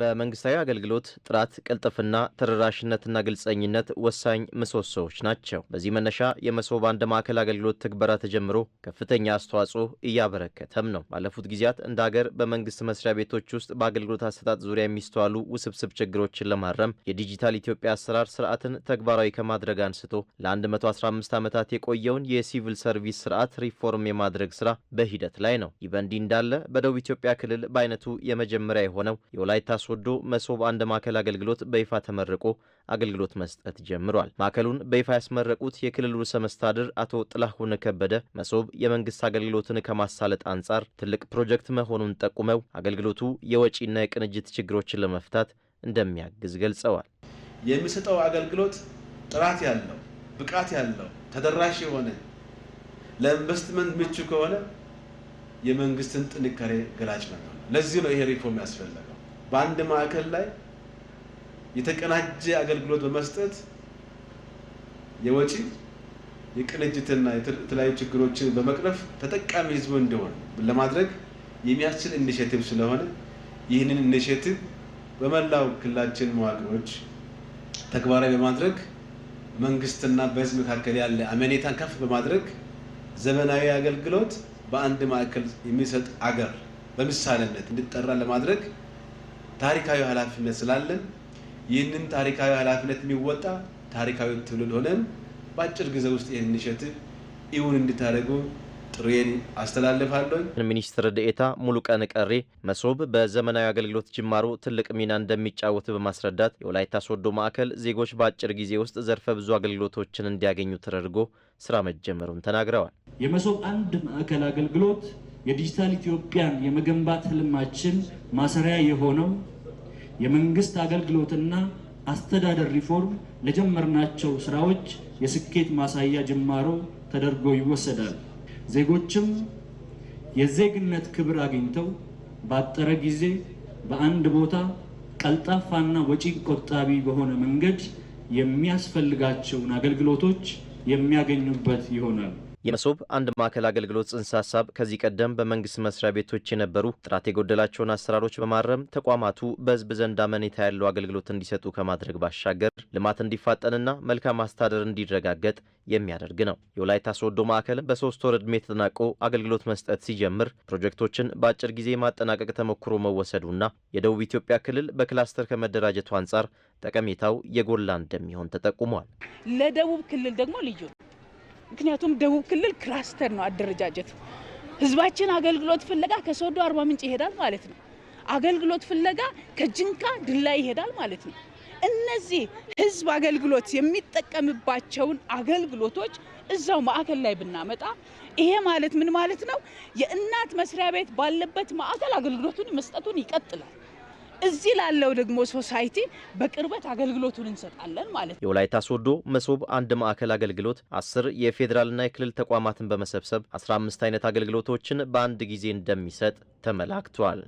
በመንግስታዊ አገልግሎት ጥራት፣ ቅልጥፍና፣ ተደራሽነትና ግልጸኝነት ወሳኝ ምሰሶዎች ናቸው። በዚህ መነሻ የመሶብ አንድ ማዕከል አገልግሎት ትግበራ ተጀምሮ ከፍተኛ አስተዋጽኦ እያበረከተም ነው። ባለፉት ጊዜያት እንደ ሀገር በመንግስት መስሪያ ቤቶች ውስጥ በአገልግሎት አሰጣጥ ዙሪያ የሚስተዋሉ ውስብስብ ችግሮችን ለማረም የዲጂታል ኢትዮጵያ አሰራር ስርዓትን ተግባራዊ ከማድረግ አንስቶ ለ115 ዓመታት የቆየውን የሲቪል ሰርቪስ ስርዓት ሪፎርም የማድረግ ስራ በሂደት ላይ ነው። ይህ በእንዲህ እንዳለ በደቡብ ኢትዮጵያ ክልል በአይነቱ የመጀመሪያ የሆነው የወላይታ ወዶ መሶብ አንድ ማዕከል አገልግሎት በይፋ ተመርቆ አገልግሎት መስጠት ጀምሯል። ማዕከሉን በይፋ ያስመረቁት የክልሉ ርዕሰ መስተዳድር አቶ ጥላሁን ከበደ መሶብ የመንግስት አገልግሎትን ከማሳለጥ አንጻር ትልቅ ፕሮጀክት መሆኑን ጠቁመው አገልግሎቱ የወጪና የቅንጅት ችግሮችን ለመፍታት እንደሚያግዝ ገልጸዋል። የሚሰጠው አገልግሎት ጥራት ያለው ብቃት ያለው ተደራሽ የሆነ ለኢንቨስትመንት ምቹ ከሆነ የመንግስትን ጥንካሬ ገላጭ ነው። ለዚህ ነው ይሄ ሪፎርም ያስፈለገው። በአንድ ማዕከል ላይ የተቀናጀ አገልግሎት በመስጠት የወጪ የቅንጅትና የተለያዩ ችግሮችን በመቅረፍ ተጠቃሚ ህዝቡ እንደሆነ ለማድረግ የሚያስችል ኢኒሽቲቭ ስለሆነ ይህንን ኢኒሽቲቭ በመላው ክልላችን መዋቅሮች ተግባራዊ በማድረግ መንግስትና በህዝብ መካከል ያለ አመኔታን ከፍ በማድረግ ዘመናዊ አገልግሎት በአንድ ማዕከል የሚሰጥ አገር በምሳሌነት እንዲጠራ ለማድረግ ታሪካዊ ኃላፊነት ስላለን ይህንን ታሪካዊ ኃላፊነት የሚወጣ ታሪካዊ ትውልድ ሆነን በአጭር ጊዜ ውስጥ ይህን ኢኒሼቲቭ እውን እንድታደርጉ ጥሬን አስተላልፋለሁ። ሚኒስትር ዴኤታ ሙሉቀን ቀሬ መሶብ በዘመናዊ አገልግሎት ጅማሮ ትልቅ ሚና እንደሚጫወት በማስረዳት የወላይታ ሶዶ ማዕከል ዜጎች በአጭር ጊዜ ውስጥ ዘርፈ ብዙ አገልግሎቶችን እንዲያገኙ ተደርጎ ስራ መጀመሩን ተናግረዋል። የመሶብ አንድ ማዕከል አገልግሎት የዲጂታል ኢትዮጵያን የመገንባት ህልማችን ማሰሪያ የሆነው የመንግስት አገልግሎትና አስተዳደር ሪፎርም ለጀመርናቸው ስራዎች የስኬት ማሳያ ጅማሮ ተደርጎ ይወሰዳል። ዜጎችም የዜግነት ክብር አግኝተው ባጠረ ጊዜ በአንድ ቦታ ቀልጣፋና ወጪ ቆጣቢ በሆነ መንገድ የሚያስፈልጋቸውን አገልግሎቶች የሚያገኙበት ይሆናል። የመሶብ አንድ ማዕከል አገልግሎት ጽንሰ ሀሳብ ከዚህ ቀደም በመንግስት መስሪያ ቤቶች የነበሩ ጥራት የጎደላቸውን አሰራሮች በማረም ተቋማቱ በህዝብ ዘንድ አመኔታ ያለው አገልግሎት እንዲሰጡ ከማድረግ ባሻገር ልማት እንዲፋጠንና መልካም አስተዳደር እንዲረጋገጥ የሚያደርግ ነው። የወላይታ ሶዶ ማዕከል በሶስት ወር ዕድሜ ተጠናቆ አገልግሎት መስጠት ሲጀምር ፕሮጀክቶችን በአጭር ጊዜ ማጠናቀቅ ተሞክሮ መወሰዱና የደቡብ ኢትዮጵያ ክልል በክላስተር ከመደራጀቱ አንጻር ጠቀሜታው የጎላ እንደሚሆን ተጠቁሟል። ለደቡብ ክልል ደግሞ ልዩ ምክንያቱም ደቡብ ክልል ክላስተር ነው አደረጃጀቱ። ህዝባችን አገልግሎት ፍለጋ ከሶዶ አርባ ምንጭ ይሄዳል ማለት ነው። አገልግሎት ፍለጋ ከጅንካ ድላ ይሄዳል ማለት ነው። እነዚህ ህዝብ አገልግሎት የሚጠቀምባቸውን አገልግሎቶች እዛው ማዕከል ላይ ብናመጣ ይሄ ማለት ምን ማለት ነው? የእናት መስሪያ ቤት ባለበት ማዕከል አገልግሎቱን መስጠቱን ይቀጥላል። እዚህ ላለው ደግሞ ሶሳይቲ በቅርበት አገልግሎቱን እንሰጣለን ማለት ነው። የወላይታ ሶዶ መሶብ አንድ ማዕከል አገልግሎት አስር የፌዴራልና የክልል ተቋማትን በመሰብሰብ አምስት አይነት አገልግሎቶችን በአንድ ጊዜ እንደሚሰጥ ተመላክቷል።